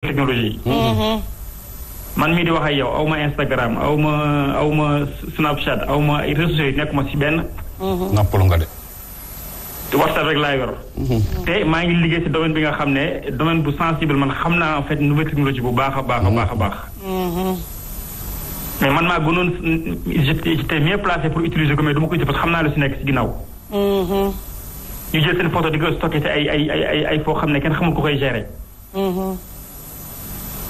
technologie mm-hmm. man mii di wax ak yow aw ma Instagram aw ma aw ma Snapchat aw ma réseaux sociaux yi nekk ma benn. Mm-hmm. nappalu nga de. WhatsApp rek laa yor. Mm-hmm. te maa ngi liggéey si domaine bi nga xam ne domaine bu sensible man xam naa en fait nouvelle technologie bu baax a baax a baax a baax. mais man maa gënoon j'étais mieux placé pour utiliser ko mais du ma ko utiliser parce que xam naa lu si ginnaaw. ñu ay ay ay ay foo xam ne kenn xamul ko koy gérer.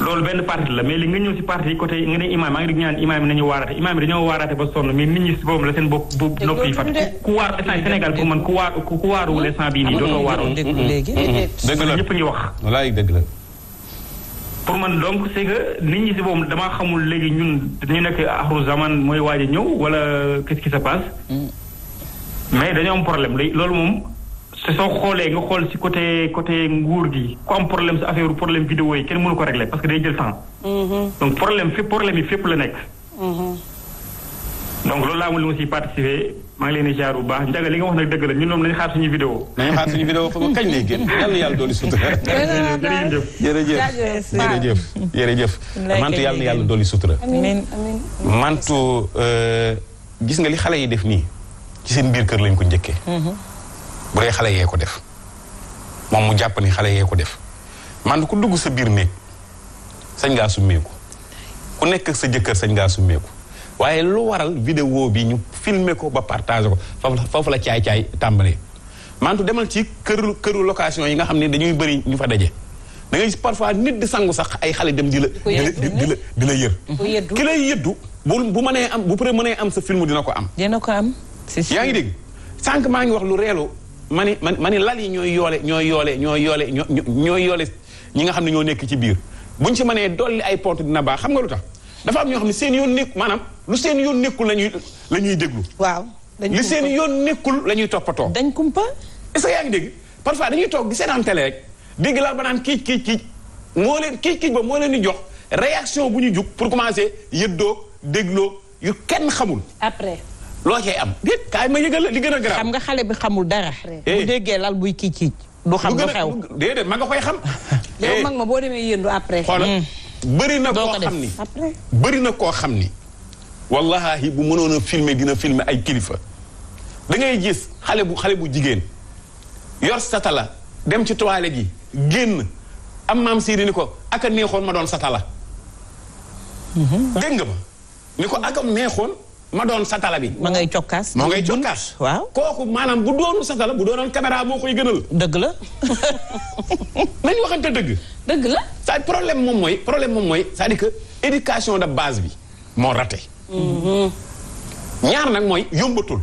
loolu benn parti la mais li nga ñëw si parti côté nga ne imaam maa ngi dégg ñaan imaam yi nañu waaraate imaam yi dañoo waaraate ba sonn mais nit ñi si boppam la seen bopp bu nopp yi ku waar instant Sénégal pour man ku waar ku waaruwul instant hmm? hmm, hmm. donc que nit ñi si boppam damaa xamul léegi ñun ñu nekk axru zaman mooy waaj a ñëw wala qu'est-ce qui se mais dañoo am problème loolu moom te soo xoolee nga xool ci côté côté nguur gi ku am problème si affaire problème vidéo yi kenn mënu ko régler parce que day jël temps. Mm-hmm. donc problème fépp problème yi fépp la nekk. Mm-hmm. donc loolu laa amul lu ma maa ngi leen di baax Ndiaga li nga wax nag dëgg la ñun ñoom nañu xaar suñu vidéo. nañu xaar suñu vidéo foofu kañ lay génn yàlla yàlla dolli sutura. jërëjëf jërëjëf jërëjëf jërëjëf. mantu yàlla na yàlla dolli sutura. amiin amiin mantu euh, gis nga li xale yi def nii ci seen biir lañ ko njëkkee. Mm-hmm. bu dee xale yee ko def moom mu jàpp ni xale yee ko def man ku dugg sa biir néeg sañ ngaa summeeku ku nekk sa jëkkër sañ ngaa summeeku waaye lu waral vidéo bi ñu filmer ko ba partager ko foofu foofu la caay-caay tàmbalee mantu demal ci këru këru location yi nga xam ne dañuy bëri ñu fa daje da ngay parfois nit di sangu sax ay xale dem di la di la di la yër ki lay yëddu bu bu mënee am bu pré mënee am sa film dina ko am dina ko am yaa ngi dégg sànq maa ngi wax lu reelu ma ni ma ni lal yi ñooy yoole ñooy yoole ñooy yoole ñooy yoole ñi nga xam ne ñoo nekk ci biir buñ si manee dolli ay pont dina baax xam nga lu tax dafa am ñoo xam ne seen yoon nekk maanaam lu seen yoon nekkul lañuy la ñuy déglu waaw li seen yoon nekkul la ñuy toppatoo dañ kumpa est-ce que yaa ngi dégg parfois dañuy toog di seetaan télé rek dégg lal ba naan kiic kiic kiic moo leen kiic kiic ba moo leen di jox réaction bu ñu jug pour commencer yëddoo dégloo yu kenn xamul après loo cay am déet kaay ma yëgal li gën a garaaw. xam nga xale bi xamul dara. bu eh. déggee lal buy kii ci du xam lu xew déedéet ma nga koy xam. yow eh. mag ma boo demee yëndu après. xoolal hmm. bëri na koo xam ni bëri na koo xam ni. wallahi bu mënoon a dina filmer ay kilifa. dangay gis xale bu xale bu jigéen yor satala dem ci toilette ji génn am maam siiri ni ko aka neexoon ma doon satala. Mhm. dégg nga ma ni ko aka neexoon. ma doon satala bi. ma ngay cokkaas. moo ngay cokkaas waaw. kooku maanaam bu doonu satala bu doonoon caméra moo koy gënal. dëgg la. nañu waxante dëgg. dëgg la. c'est problème moom mooy problème moom mooy saa à dire que éducation de base bi moo raté. Mm-hmm. ñaar nag mooy yombatul.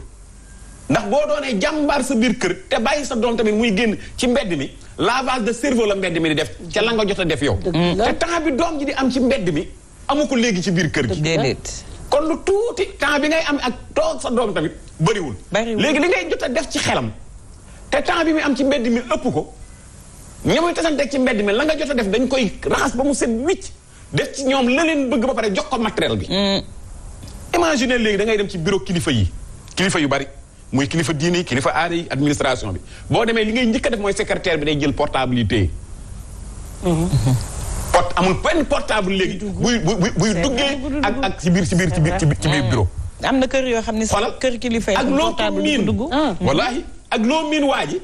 ndax boo doonee jàmbaar sa biir kër te bàyyi sa doom tamit muy génn ci mbedd mi la lavage de cerveau la mbedd mi di def ca la nga jot a def yow. te temps bi doom ji di am ci mbedd mi amu ko léegi ci biir kër gi. déedéet. lu tuuti temps bi ngay am ak toog sa doom tamit bëriwul. léegi li ngay jot a def ci xelam. te temps bi muy am ci mbedd mi ëpp ko ña muy tasanteeg ci mbedd mi la nga jot a def dañ koy raxas ba mu set wicc def ci ñoom la leen bëgg ba pare jox ko matériel bi. Mm. imaginer léegi dangay dem ci bureau kilifa yi kilifa yu bari muy kilifa diini kilifa aada yi administration bi boo demee li ngay njëkk def mooy secrétaire bi day jël portable mm-hmm. porte amul benn portable léegi. buy buy duggee ak ak ci biir ci biir ci biir ci biir bureau. am na kër yoo xam ne sax kër kilifa yi ak loo miin ah. hmm. wallaahi ak loo miin waa ji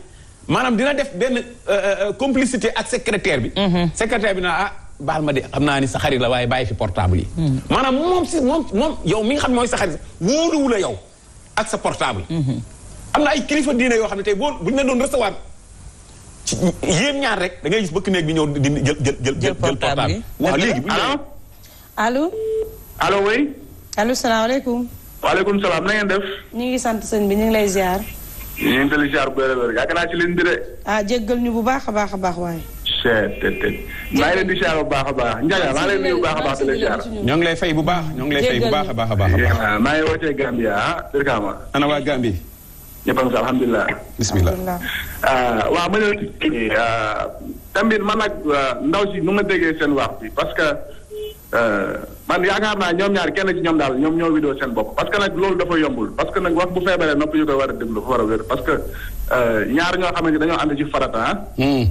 maanaam dina def benn euh, euh, euh, complicité ak secrétaire bi. Hmm. secrétaire bi na ah baal ma de xam naa ni sa xarit la waaye bàyyi fi portable yi. Hmm. maanaam moom si moom yow mi nga xam ne mooy sa xarit wóoluwu yow ak sa portable. am na ay kilifa diine yoo xam ne tey boo buñ la doon recevoir. ci yéen ñaar rek da ngay gis bëkk néeg bi ñëw di jël jël jël portable bi waaw léegi bu ñu allo allo oui allo salaamaaleykum waaleykum salaam na ngeen def ñu ngi sant sëñ bi ñu ngi lay ziar ñu ngi tali ziar bu wér wér leen bi de ah ñu bu baax a baax a baax waaye c'est te te maa ngi leen di ziar bu baax a baax njaga maa ngi leen di bu a ñoo ngi lay fay bu baax ñoo ngi lay fay bu baax a baax a baax ah, maa ngi wootee Gambia ah Sirkama ana waa Gambie ñëpp a ngi si alhamdulilah. bisimilah uh, waaw ma ne kii uh, tamit man nag uh, ndaw si nu ma déggee seen wax bi parce que man yaakaar naa ñoom ñaar kenn ci ñoom daal ñoom ñoo widoo seen bopp parce que nag loolu dafa yombul parce que nag wax bu feebaree nopp yu koy war a déglu fa war a wér parce que dañoo ànd ci farata ah. hmm.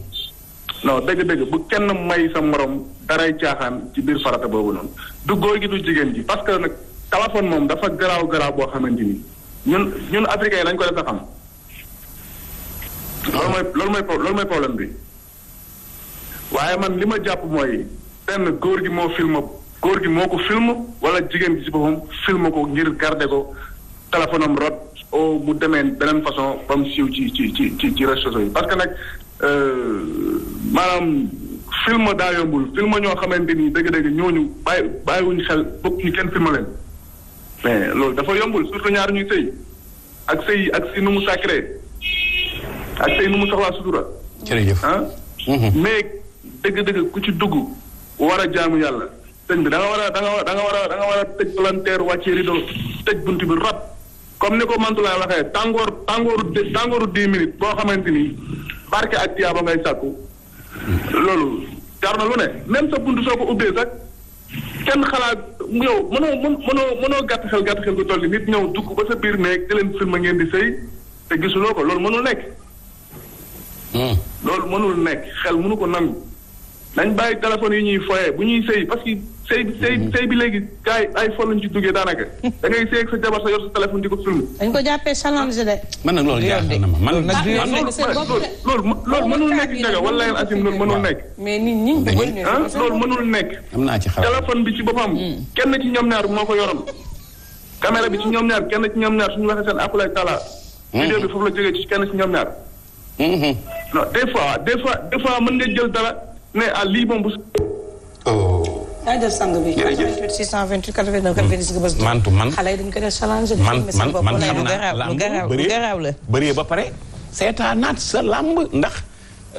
non dëgg bu kenn may sa morom daray caaxaan ci biir farata boobu noonu du góor gi du jigéen ji parce que nag téléphone moom dafa garaaw garaaw boo xamante ni. ñun ñun africain yi lañ ko def a xam. loolu mooy loolu mooy loolu problème bi waaye man li ma jàpp mooy benn góor gi moo film góor gi moo ko film wala jigéen gi ci boppam film ko ngir garder ko téléphone am rot mu demee beneen façon ba siw siiw ci ci ci ci ci réseaux yi parce que nag euh, maanaam film daa yombul film ñoo xamante ni dëgg-dëgg ñooñu bàyyi bàyyiwuñu xel bokk ñu kenn film leen. mais loolu dafa yombul surtout ñaar ñuy sëy ak sëy ak si nu mu sacré ak sëy nu mu soxlaa sutura. jërëjëf ah? mhm. mais dëgg-dëgg ku ci dugg war a jaamu yàlla sëñ bi da war a da war a da nga war a da nga war a tëj palanteer bunt bi rab comme ni ko Mantoulaye waxee tàngoor tàngooru tàngooru dix minutes boo xamante ni barke ak tiyaaba ngay sàkku mhm. loolu jar na lu ne même sa bunt soo ko ubbee sax. kenn xalaat yow mënoo mënoo mënoo gàtt xel gàtt xel gu toll nit ñëw dugg ba sa biir néeg di leen film ngeen di sëy te gisuloo ko loolu mënul nekk. Hmm. loolu mënul nekk xel mënu ko nangu. nañ bàyyi téléphone yi ñuy foyee bu ñuy sëy parce tey tey tey bi léegi gars yi ay ci duggee daanaka. da ngay seeg sa jabar sa yor sa téléphone di ko filmé. dañu ko jàppee challenge de. man nag loolu jaaxal na ma man ah, nag loolu mënul nekk njëkk wala yéen asim loolu mënul nekk. mais nit ñi ah, loolu mënul nekk. am naa ci xaw téléphone bi ci hmm. moo ko yoroon. caméra bi ci ñoom ñaar kenn ci ñoom ñaar suñu waxee seen akulaay tala. Hmm. vidéo bi foofu la jógee ci kenn ci ñoom ñaar. Hmm. non des fois des nga jël dara ne ah lii moom ay def sang bi. jërëjëf 88 628 89 90 bés. mantu man xale yi dañu koy def challenge. man man xam naa lamb garaaw la bëree ba pare seetaanaat sa lamb ndax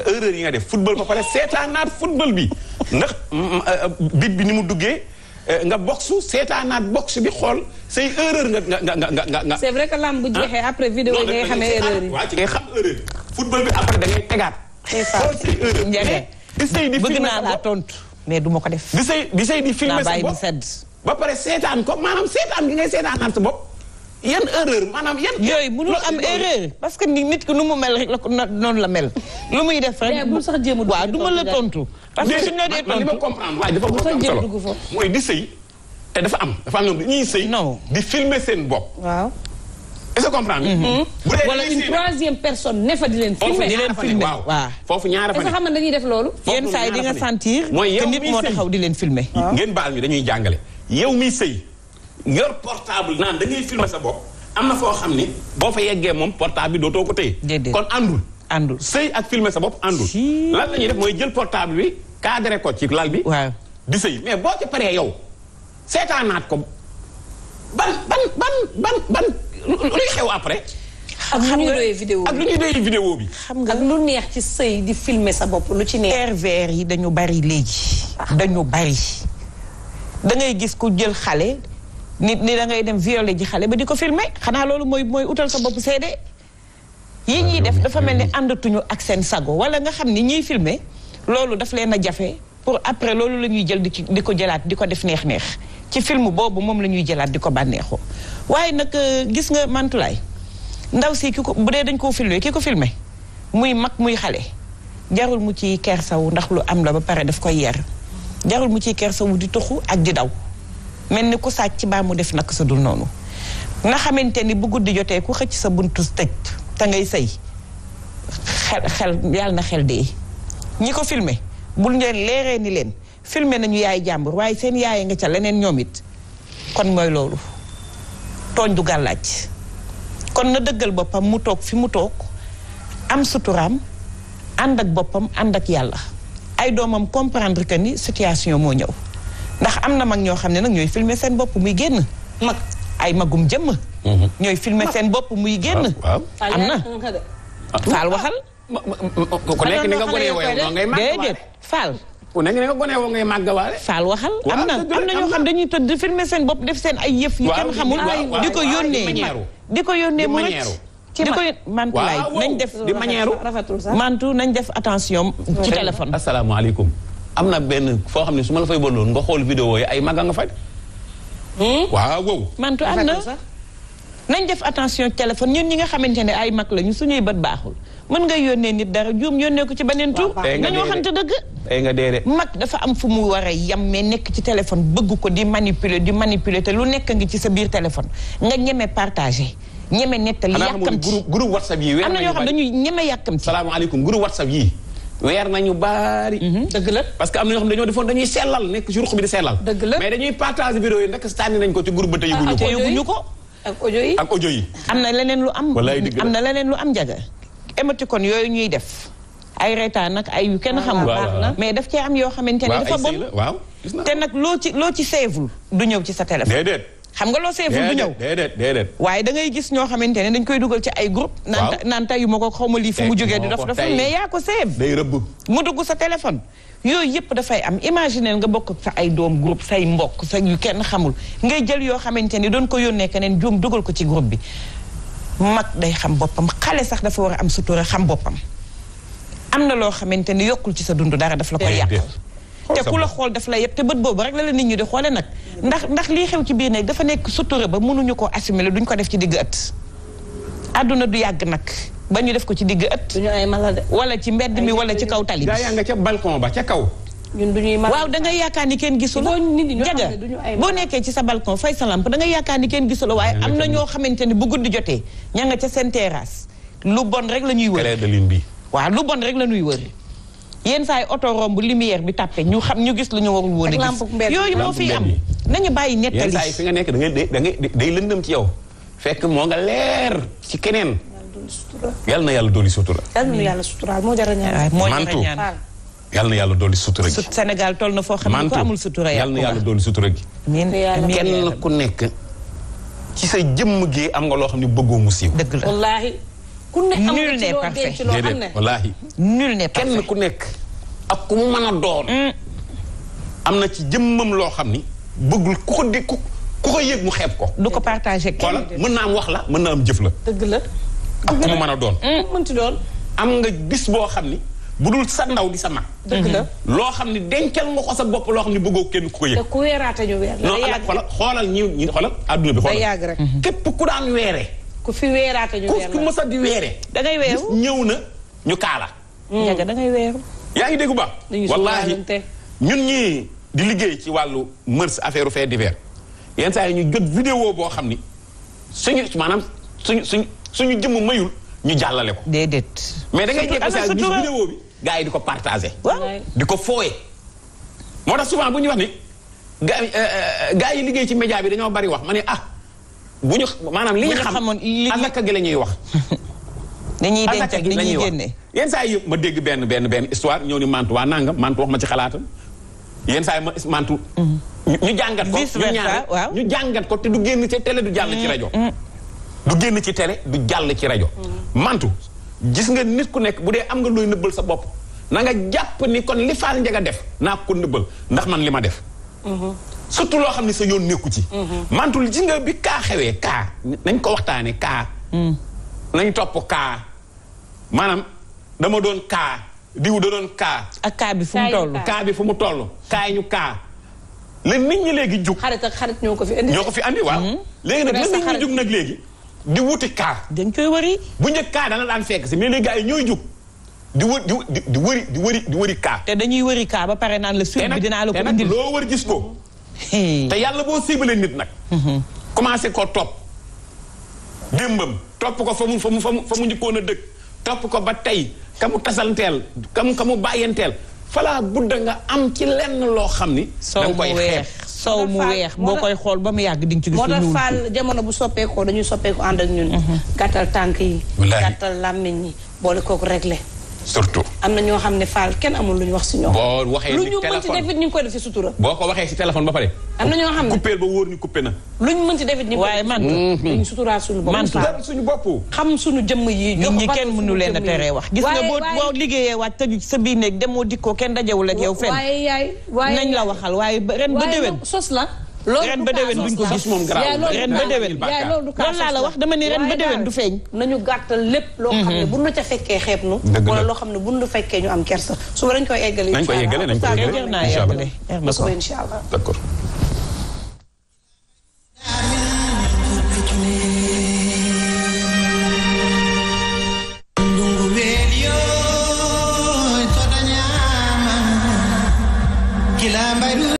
erreur yi nga def football ba pare seetaanaat football bi ndax mm, mm, euh, euh, bit bi ni mu duggee. Euh, nga boxu seetaanaat box bi xool say erreur nga nga nga nga nga. c'est vrai que lamb bu ah. jeexee après vidéo yi ngay xamee erreur yi. waaw ci ngay xam erreur football bi après da ngay tegaat. c'est ça xool say erreur. bëgg naa laa tontu. mais duma ko def. di sëy di sëy di filmer sa bopp ba pare seetaan ko maanaam seetaan bi ngay seetaanal sa bopp. yan erreur maanaam yan. yooyu mënul am erreur parce que nit ko nu mu mel rek la ko noonu la mel. lu muy def rek bu sax jéem waaw du ma la tontu. parce que suñu la dee tontu ma comprendre waaye dafa am solo mooy di sëy te dafa am dafa am ñoom dañuy sëy. non di filmer seen bopp. est-ce que comprendre bu mhm. dee wala une troisième personne ne fa di leen filmer di leen ah, filmer waaw foofu ñaara fa ne est-ce que xam nga dañuy def loolu yenn saa yi di nga sentir que nit moo taxaw di leen filmer ngeen baal ñu dañuy jàngale yow miy sëy ngar portable naan da ngay filmer sa bopp am na foo xam ne boo fa yeggee moom portable bi dootoo ko téye kon àndul àndul sëy ak filmer sa bopp àndul lan la ñuy def mooy jël portable bi cadré ko ci lal bi waaw di sëy mais boo ci paree yow seetaanaat ko ban ban ban ban ban luy xew après. xam lu ñuy doyee vidéo bi ak lu ñuy doyee vidéo xam nga lu neex ci sëy di filmer sa bopp lu ci neex. pervers yi dañu bari léegi. dañu bari. dangay gis ku jël xale. nit ni da ngay dem violer ji xale ba di ko filmer xanaa loolu mooy mooy utal sa bopp de yi ñuy def dafa mel ni àndatuñu ak seen sago wala nga xam ni ñiy filmer loolu daf leen jafe pour après loolu la ñuy jël di ko jëlaat di ko def neex-neex ci film boobu moom la ñuy jëlaat di ko bànneexoo. waaye nag euh, gis nga mantulaay ndaw si ki ko bu dee dañ koo filmé ki ko filmé muy mag muy xale jarul mu ci kersawu ndax lu am la ba pare daf koy yar jarul mu ciy kersawu di toxu ak di daw mel ni ku sàcc ci baa mu def nak sa dul noonu nga xamante ni bu guddi jotee ku xëcc sa buntu tëj te ngay sëy xel xel yàlla na xel dee ñi ko filmé bu leen leeree ni leen filmé nañu yaay jàmbur waaye seen yaay a nga ca leneen ñoom it kon mooy loolu tooñ du gàllaaj kon na dëggal boppam mu toog fi mu toog am suturaam ànd ak boppam ànd ak yàlla ay doomam comprendre que ni situation moo ñëw ndax am na mag ñoo xam ne nag ñooy filmer seen bopp muy génn mag ay magum jëmm mhm. ñooy filmer seen bopp muy génn am na faal waxal ko nekk ni nga gonee faal ku ne nga gone woo ngay màggawaale. Fall waxal am na am na xam dañuy tëdd filmer seen bopp def seen ay yëf. yu kenn xamul di ko yónnee di ko yónnee mu rëcc. ci ma di koy mantu laay nañ def di manière mantu nañ def attention. ci téléphone asalaamaaleykum. am na benn foo xam ne su ma la fay bondoon nga xool video yi ay maga nga fay. Hmm? waaw wow. mantu am na nañ def attention téléphone ñun ñi nga xamante ne ay mag lañu suñuy bët baaxul. mën nga yónnee nit dara juum yónnee ko ci beneen tur nañu waxante dëgg tey nga mag dafa am fu mu war a yam mais nekk ci téléphone bëgg ko di manipuler di manipuler te lu nekk ngi ci sa biir téléphone nga ñeme partagé ñeme nettali yàkkamti groupe groupe whatsapp yi weer am na ñoo xam dañuy ñeme yàkkamti salaamaaleykum groupe whatsapp yi weer nañu baari mhm, dëgg la parce que am na ñoo xam dañoo defoon dañuy sellal nekk ci ruq bi di sellal dëgg la mais dañuy partage vidéo yi nag tànni nañ ko ci groupe ba te yëguñu ah, ah, ko ak audio yi ak audio yi am na leneen lu am am na leneen lu am jaga kon yooyu ñuy def ay reetaan nag ay yu kenn ah, xamul mais daf cee am yoo xamante ne dafa bon waaw te nag loo ci loo ci seevul du ñëw ci sa téléphone xam nga loo seevul du ñëw waaye da ngay gis ñoo xamante ne dañ koy dugal ci ay groupe naan yu ma ko xaw ma lii fu mu jógee di dof dof mais yaa ko seev day rëbb mu dugg sa téléphone yooyu yëpp dafay am imaginer nga bokk sa ay doom groupe say mbokk sa yu kenn xamul ngay jël yoo xamante ni doon ko yónnee keneen juum dugal ko ci groupe bi mag day xam boppam xale sax dafa war a am sutura xam boppam am na loo xamante ni yokkul ci sa dund dara daf la koy eh, yàqal te ku la xool daf la yëpp te bët boobu rek la la nit ñi di xoole nag ndax ndax lii xew ci biir néeg dafa nekk sutura ba mënuñu koo assimiler duñ ko def ci digg ëtt àdduna du yàgg nag ba ñu def ko ci digg ëtt wala ci mbedd mi wala ci kaw tali bi yaa nga ca balcon ba ca kaw ñun du ñuy waaw da ngay yaakaar ni kenn gisul jaga boo nekkee ci sa balcon fay sa lampe da ngay yaakaar ni kenn gisul waaye am na ñoo xamante ni bu guddi jotee ña nga ca seen terrasse lu bon rek la ñuy wër waaw lu bon rek la ñuy wër yenn saa yi oto romb lumière bi tàppe ñu xam ñu gis lu ñu warul woon a gis yooyu moo fi am nañu bàyyi nettali yenn saa yi nga nekk da ngay da ngay day lëndëm ci yow fekk moo nga leer ci keneen yal na yàlla dooli sutura yal na yàlla sutura moo jar a ñaan mantu yal na yàlla dolli sutura gi. Sénégal tool na foo xam ne ko amul sutura yàlla yal na yàlla dolli sutura gi. kenn ku nekk ci sa jëmm gi am nga loo xam ne bëggoo mu siiw. dëgg la wallaahi. ku ne am nga ci loo denc loo ku nekk ak ku mu mën mm. na ci jëmmam loo xam ni bëggul ku ko di ku ko yëg mu xeeb ko. du ko partagé kenn mën naa am wax la mën na am jëf la. dëgg la. ak ku mu mën a doon. Mm. mënti doon. am nga bis boo xam ni. bu dul sa ndaw di sa mag. dëgg la mhm. loo xam ne dencal nga ko sa bopp loo xam ne bëggoo kenn ku ko yëg. ku weeraata ñu weer. non xoolal xoolal ñi xoolal adduna bi xoolal. day yàgg rek mhm. képp ku daan weeree. ku fi weer ku mës a di weeree. da ngay weeru ñëw na ñu kaala. Mm. yàgg da yaa ngi dégg ba. wallaahi ñun ñii di liggéey ci wàllu mœurs affaire fait divers yenn saa yi ñu jot vidéo boo xam ni suñu maanaam suñu suñu suñu jëmm mayul. ñu jàllale ko. déedéet. mais da ngay jékki saa gis vidéo bi yi di ko partagé. di ko fooye. moo tax souvent bu ñu wax ni euh, euh, gars yi liggéey ci média bi dañoo bari wax ma ne ah bu ñu maanaam li ñu xam nakk gi la ñuy wax. dañuy denc ak dañuy génne yenn saa yi ma dégg benn benn benn histoire ñëw ni mantu waa nangam mantu wax ma ci xalaatam yenn saa yi ma mantu. Mhm. ñu jàngat ko ñu ñaar ñu jàngat ko te du génn ci télé du jàll ci mm. rajo. Mm. du génn ci télé du jàll ci rajo. mantu gis nga nit ku nekk bu dee am nga looy nëbbal sa bopp na nga jàpp ni kon li faal njaga def naa ko nëbbal ndax man li ma def mm-hmm. surtout loo xam ne sa yoon nekku ci mm-hmm. mantul gis nga bi kaa xewee kaa nañ ko waxtaane kaa mm. nañ topp kaa maanaam dama doon kaa diw da doon kaa ak kaa bi fu mu toll kaa bi fu mu toll kaa ñu kaa la nit ñi léegi jug xarit ak xarit ñoo ko fi indi ñoo ko fi andi waaw mm-hmm. léegi nag la nit ñi jug nag léegi di wuti kaar dañ koy wëri. bu njëkk kaa dana daan fekk si mais léegi gars yi ñooy jug di wë di di di wëri di wëri di wëri kaa. te dañuy wëri kaar ba pare naan la suite bi dinaa la ko indil loo wër gis ko. te yàlla boo ciblé nit nag. Mhm. commencé ko topp démbam topp ko fa mu fa mu fa mu fa mu njëkkoon a dëkk topp ko ba tey ka mu tasanteel ka mu ka mu bàyyanteel falaa budda nga am ci lenn loo xam ni. da nga koy soow mu weex boo koy xool ba mu yàgg di nga ci gis. moo tax faal jamono bu soppeekoo dañuy soppeeku ànd ak ñun. Mhm. gàttal tànk yi. gàttal làmmiñ yi boole kooku réglé. surtout. am na ñoo xam ne Fall kenn amul lu ñu wax si ñoom. boo waxee lu ñu ñu ngi koy def si sutura. boo ko waxee si téléphone ba pare. am na ñoo xam ne coupé ba wóor ni coupé na. lu ñu mënti def it ñu waaye man. Mhm. dañu suturaat suñu bopp. xam suñu jëmm yi. nit ñi kenn mënu leen a teree wax. gis nga boo boo liggéeyee waat tëju sa biir néeg demoo dikkoo kenn dajewul ak yow fenn. waaye yaay waaye nañ la waxal waaye ren ba déwén sos la. loolu ren ba déwén duñ ko gis moom garaaw ren ba déwén laa la wax dama ni ren ba déwén du feeñ nañu gàttal lépp loo xam ne mhm. buñ la ca fekkee xeeb nu wala loo xam ne bu buñ la fekkee ñu am kersa suba dañ koy eggale nañ ko eggale nañ ko eggale incha allah d'accord